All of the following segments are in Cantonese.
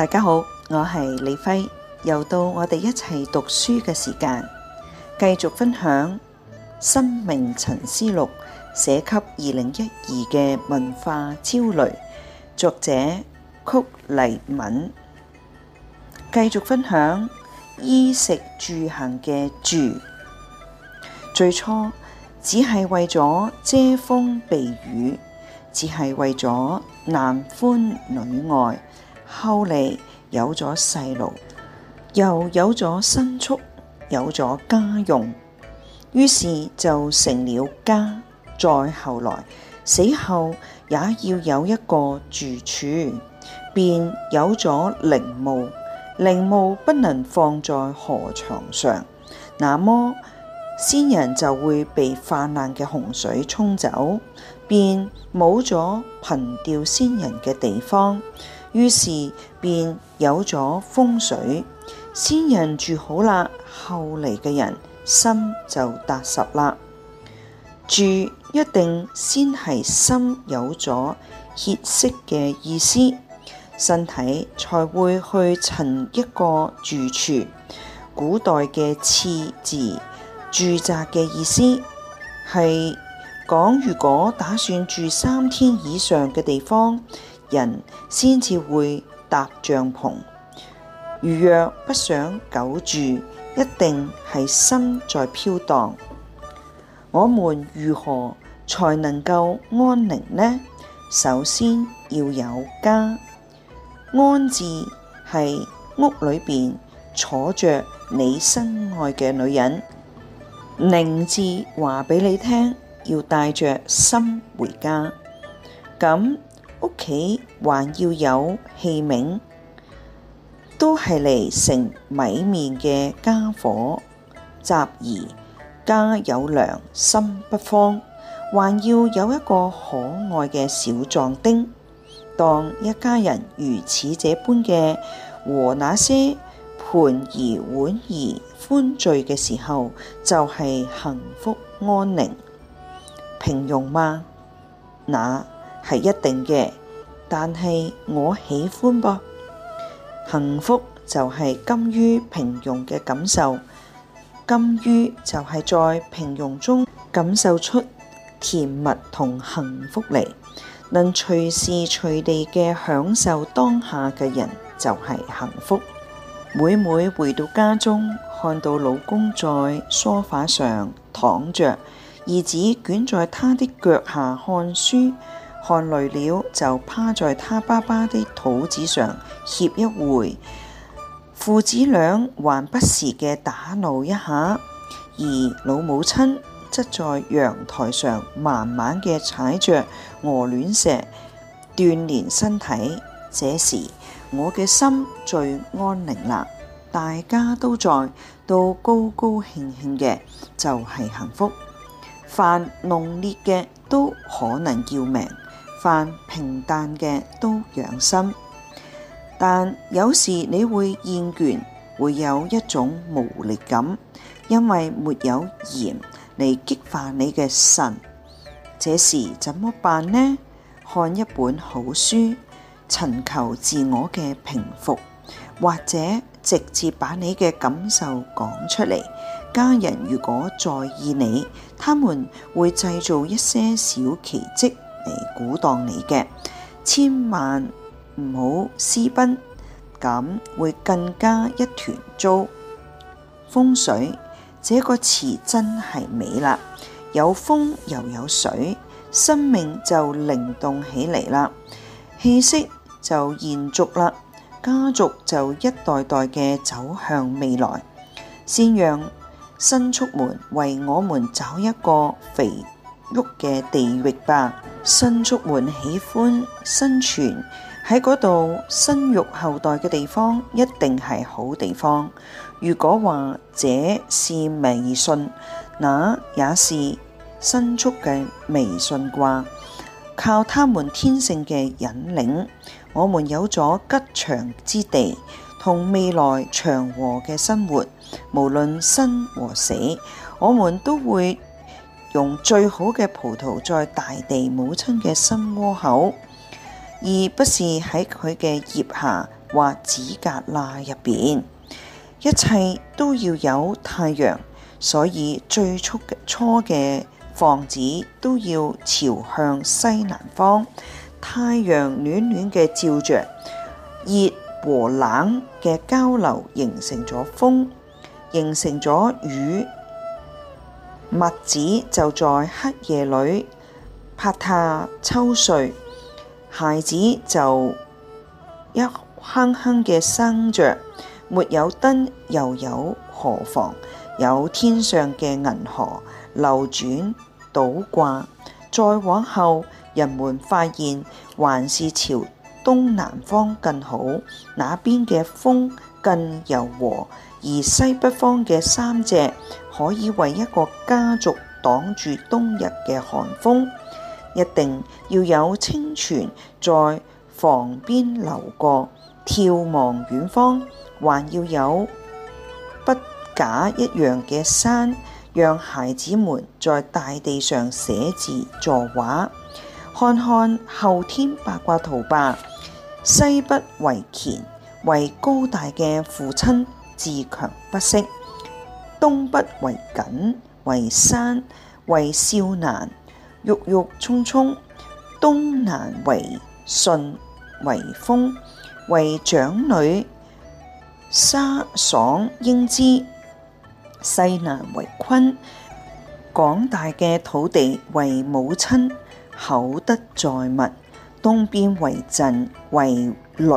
大家好，我係李輝，又到我哋一齊讀書嘅時間，繼續分享《生命沉思錄》寫給二零一二嘅文化焦慮，作者曲黎敏。繼續分享衣食住行嘅住，最初只係為咗遮風避雨，只係為咗男歡女愛。後嚟有咗細路，又有咗牲畜，有咗家用，於是就成了家。再後來，死後也要有一個住處，便有咗陵墓。陵墓不能放在河床上，那麼先人就會被泛濫嘅洪水沖走，便冇咗憑吊先人嘅地方。於是便有咗風水，先人住好啦，後嚟嘅人心就踏實啦。住一定先係心有咗歇息嘅意思，身體才會去尋一個住處。古代嘅“次”字，住宅嘅意思係講，如果打算住三天以上嘅地方。人先至會搭帳篷，如若不想久住，一定係心在飄蕩。我們如何才能夠安寧呢？首先要有家，安字係屋裏邊坐着你心愛嘅女人，寧字話俾你聽，要帶着心回家，咁。屋企還要有器皿，都係嚟盛米麵嘅傢伙。侄而家有糧，心不慌。還要有一個可愛嘅小壯丁，當一家人如此這般嘅和那些盤兒碗兒歡聚嘅時候，就係、是、幸福、安寧、平庸嗎？那？係一定嘅，但係我喜歡噃。幸福就係甘於平庸嘅感受，甘於就係在平庸中感受出甜蜜同幸福嚟。能隨時隨地嘅享受當下嘅人就係幸福。每每回到家中，看到老公在梳化上躺着，兒子捲在他的腳下看書。看累了就趴在他爸爸的肚子上歇一會。父子倆還不時嘅打鬧一下，而老母親則在陽台上慢慢嘅踩着鵝卵石鍛煉身體。這時我嘅心最安寧啦，大家都在都高高興興嘅，就係、是、幸福。凡濃烈嘅都可能要命。凡平淡嘅都養心。但有時你會厭倦，會有一種無力感，因為沒有鹽嚟激發你嘅神。這時怎麼辦呢？看一本好書，尋求自我嘅平復，或者直接把你嘅感受講出嚟。家人如果在意你，他們會製造一些小奇蹟。嚟鼓蕩你嘅，千萬唔好私奔，咁會更加一團糟。風水這個詞真係美啦，有風又有水，生命就靈動起嚟啦，氣息就延續啦，家族就一代代嘅走向未來。先讓新出門，為我們找一個肥沃嘅地域吧。牲畜們喜歡生存喺嗰度，生育後代嘅地方一定係好地方。如果話這是迷信，那也是牲畜嘅迷信啩。靠他們天性嘅引領，我們有咗吉祥之地同未來祥和嘅生活。無論生和死，我們都會。用最好嘅葡萄在大地母親嘅心窩口，而不是喺佢嘅腋下或指甲罅入邊。一切都要有太陽，所以最初嘅初嘅房子都要朝向西南方，太陽暖暖嘅照着，熱和冷嘅交流形成咗風，形成咗雨。麥子就在黑夜裏啪嗒抽穗，孩子就一哼哼嘅生着，沒有燈又有何妨？有天上嘅銀河流轉倒掛。再往後，人們發現還是朝東南方更好，那邊嘅風，更柔和，而西北方嘅三隻可以為一個家族擋住冬日嘅寒風。一定要有清泉在房邊流過，眺望遠方，還要有筆架一樣嘅山，讓孩子們在大地上寫字作畫。看看後天八卦圖吧，西北為乾。為高大嘅父親，自強不息；東北為艮為山，為少男鬱鬱葱葱；東南為巽為風，為長女颯爽英姿；西南為坤廣大嘅土地，為母親厚德載物；東邊為震為雷。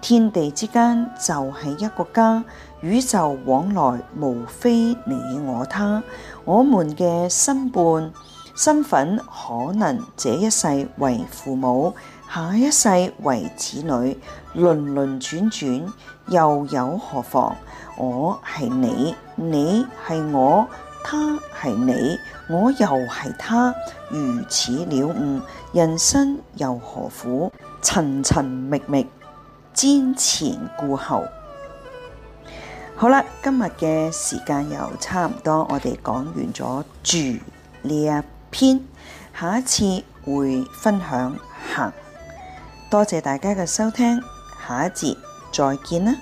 天地之間就係一個家，宇宙往來無非你我他。我們嘅身伴身份可能這一世為父母，下一世為子女，輪輪轉轉又有何妨？我係你，你係我，他係你，我又係他，如此了悟，人生又何苦？尋尋覓覓。瞻前顧後，好啦，今日嘅時間又差唔多，我哋講完咗住呢一篇，下一次會分享行。多謝大家嘅收聽，下一節再見啦。